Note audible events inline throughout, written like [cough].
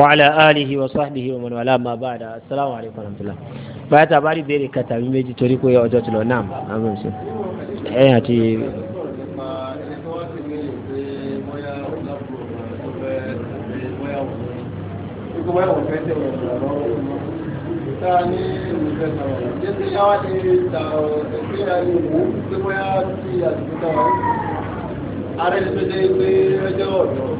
وعلى آله وصحبه ومن والاه ما بعد السلام عليكم ورحمة الله báyà tá a bá rí ìbéèrè kàtà mi méjì torí pé ọjọ́ ti lọ náà àwọn ọ̀sẹ̀ ẹ̀yìn àti. ààrẹ ti tó dé pé ọjọ́ ọ̀dọ́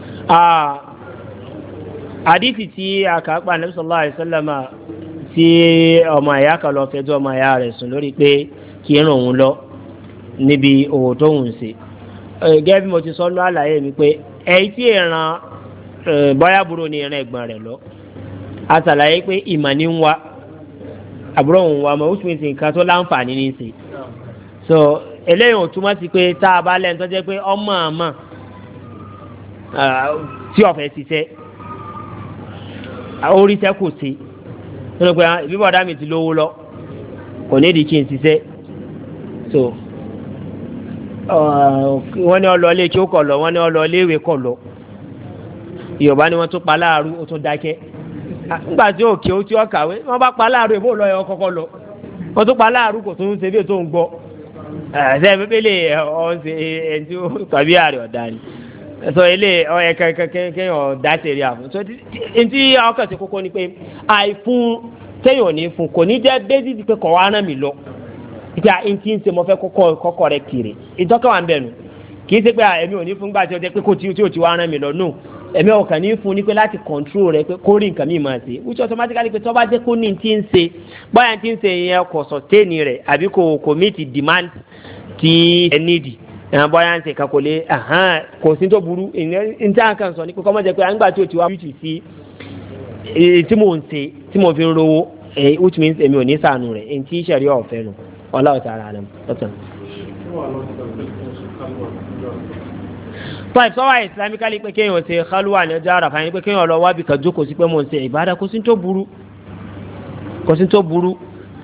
àdìsí ah. ah. tí àkàpà nàbí sọlá àìsọlẹmà tí ọmọ ẹ̀yà kan lọ du ọmọ ẹ̀yà rẹ̀ sùn lórí pé kí ń ràn òun lọ níbi òwò tó ń ṣe gẹ́gẹ́ bí mo ti sọ ní àlàyé mi pé ẹ̀yí tí ìran bọ́yá burú ni ìran ẹ̀gbọ́n rẹ̀ lọ a pé ìmọ̀ ń wá àbúrò òun mọ̀ nǹkan tó láǹfààní so eléyìí ò túmọ̀ sí pé tá a bá lẹ́nu tó jẹ́ Ah, tí ọ̀fẹ́ ṣiṣẹ́ ah, orí tẹ́ kò sí nínú pé ah, ibi bọ̀dá mi ti lówó lọ kò ní ìdí kí n ṣiṣẹ́ so wọ́n ní ọlọ ilé kí ó kọ̀ lọ wọ́n ní ọlọ ilé ìwé kọ̀ lọ yorùbá ni wọ́n tún pa láàrú ó tún dákẹ́ nígbà tí ó kí ó tí ó kàwé wọ́n bá pa láàrú ìbò lọ́yọ̀ kọ́kọ́ lọ wọ́n tún pa láàrú kò tún ṣe bí ètò ń gbọ́ ẹ̀ ṣe pépélé ọ̀ ń ṣe eh, ẹ̀ ń tí ó tàbí àrẹ ọ̀dà ni sọ ilé ọyẹ kéèyàn dá sẹ̀rí àfún so ntí ọkàn sí kókó ni pé àìfún téèyàn ní fún kò ní jẹ́ bẹ́sì ti pé kọ̀ wá rán mi lọ ìgbà ntí ń se mo fẹ́ kọ́kọ́ kọ́kọ́ rẹ kiri ìtọ́kẹ́ wa ń bẹ̀ nù kì í ṣe pé èmi ò ní fún gbà tí ó jẹ́ pé kò tí ó ti wá rán mi lọ nù èmi ò kàn ní fún ni pé láti control rẹ pé kó rí nǹkan mi máa ṣe which automatically pé tó bá jẹ́ kó ní ti ń ṣe báyà ti ń ṣe yẹn kò sọ̀tẹ́ẹ̀nì rẹ̀ demand ti ẹ nídìí ẹ̀hán bọ́yá ń ṣe kakò lé ẹ̀hán kò sí tó burú ìntàn kan sọ ní kókó mọ́jẹ pé àǹgbà tí o ti wá bíjì sí tí mò ń ṣe tí mo fi ń rówó which means èmi ò ní sànù rẹ̀ èyí tí ìṣẹ̀rí ọ̀fẹ́ nù ọlá ọ̀tá ara rẹ̀ ọ̀tàn. five sọ́wọ́ islamically pé kéèyàn ṣe khalwa ní ọjọ́ àràfà yẹn pé kéèyàn lọ wábì kan jókòó sí pé mò ń ṣe ìbádà kò sí tó burú kò sí tó burú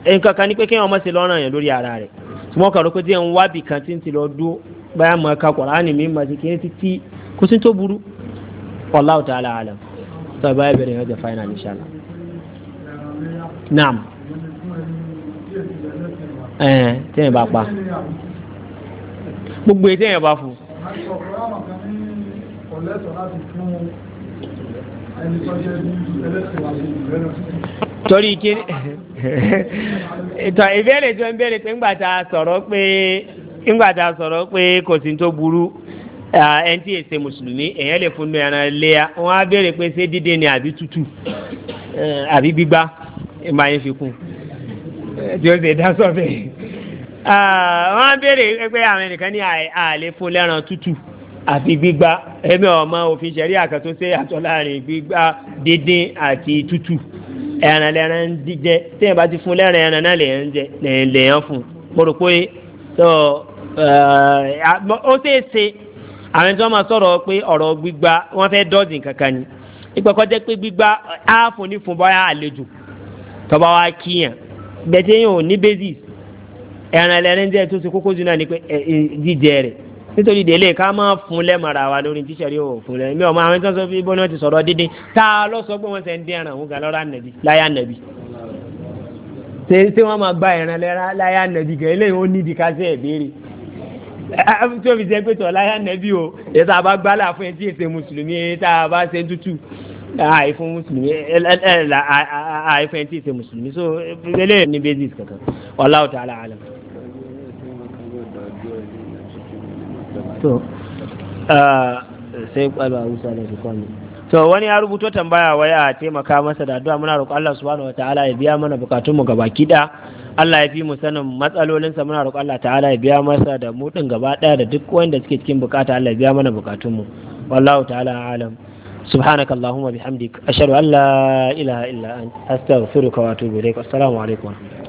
nǹkan kan ní pé kéèyàn ọmọ ṣe lọ́ràn yẹn lórí ara rẹ̀ tí wọ́n kàn ló pé díẹ̀ ń wábì kan tí ń ti lọ dúró báyà máa ka Kùránì mi ha ṣe kí ha títí kò ha wallahu ta'ala alam ha ìbáyà bẹ̀rẹ̀ ha ọjọ́ final ha naam ẹ̀ẹ́n ha bá pa gbogbo ètò ẹ̀yìn ha torí kí [laughs] ìtàn ìbéèrè tó ń béèrè pé ha ha ha sọ̀rọ̀ pé. ńgbà tá a sọ̀rọ̀ pé kò sí tó burú ẹni tí èsè mùsùlùmí èèyàn lè fún ẹran léa wọn á béèrè pé ṣé dídé ni àbí tútù àbí gbígbá ìmọ̀ ayé fi kún tí ó ṣe dá sọ bẹ́ẹ̀ wọn á béèrè pé àwọn ẹnìkan ní àlè fún lẹ́ran tútù àfi gbígbá ẹ̀mí ọmọ òfin ṣẹ̀rí àkàtó ṣe àtọ́ láàrin gbígbá dídín àti tútù ẹran lẹ́ran ń jíjẹ tí èèyàn bá ti fún lẹ́ran ẹran náà lèèyàn fún mo rò pé tó. Eh, ah, ó ṣeé ṣe àwọn tí wọ́n máa sọ̀rọ̀ pé ọ̀rọ̀ gbígba wọ́n fẹ́ dọ́ọ̀dìn kankan ni ìpẹ́kọ́ jẹ́ pé gbígba áàfù ní fún bọ́yá àlejò tọ́ba wa kíyàn bẹ̀tẹ̀ yìí ò ní basis ẹran ẹlẹ́rìn jẹ́ tó ṣe kókó jù náà ní pé eh, eh, jíjẹ rẹ̀ nítorí délé ká máa fún lẹ́mọ̀ra wa lórí tíṣẹ̀rí ò fún lẹ́mọ̀ mi ò mọ àwọn tó ń sọ fún ibò náà ti sọ̀rọ̀ dídín tá a lọ sọ pé wọ́n ṣe ń dín ẹran òun gan lọ́rọ̀ ànàbí láyé ànàbí ṣé wọ́n máa gba ẹran láyé ànàbí gan eléyìí ó nídìí ká ṣe ẹ̀ béèrè tó fi jẹ́ pé tọ̀ láyà nẹ́bí o èyí tá a bá gbálà fún ẹ tí èsè mùsùlùmí èyí tá a bá ṣe tútù àìfún mùsùlùmí àìfún ẹ tí èsè mùsùlùmí so eléyìí ní basis kankan ọláwọ tààlà àlẹ. so uh, ṣé pàlọ́ àwùjọ àlẹ́ ti kọ́ mi. to wani ya rubuto tambaya wai a taimaka masa da addu'a muna roƙon Allah subhanahu wataala ya biya mana bukatun mu gaba kida Allah ya fi mu sanin matsalolin sa muna roƙon Allah ta'ala ya biya masa da mu din gaba daya da duk wanda suke cikin bukata Allah ya biya mana bukatun mu wallahu ta'ala alam سبحانك اللهم وبحمدك أشهد أن لا إله إلا أنت أستغفرك وأتوب إليك والسلام عليكم ورحمة الله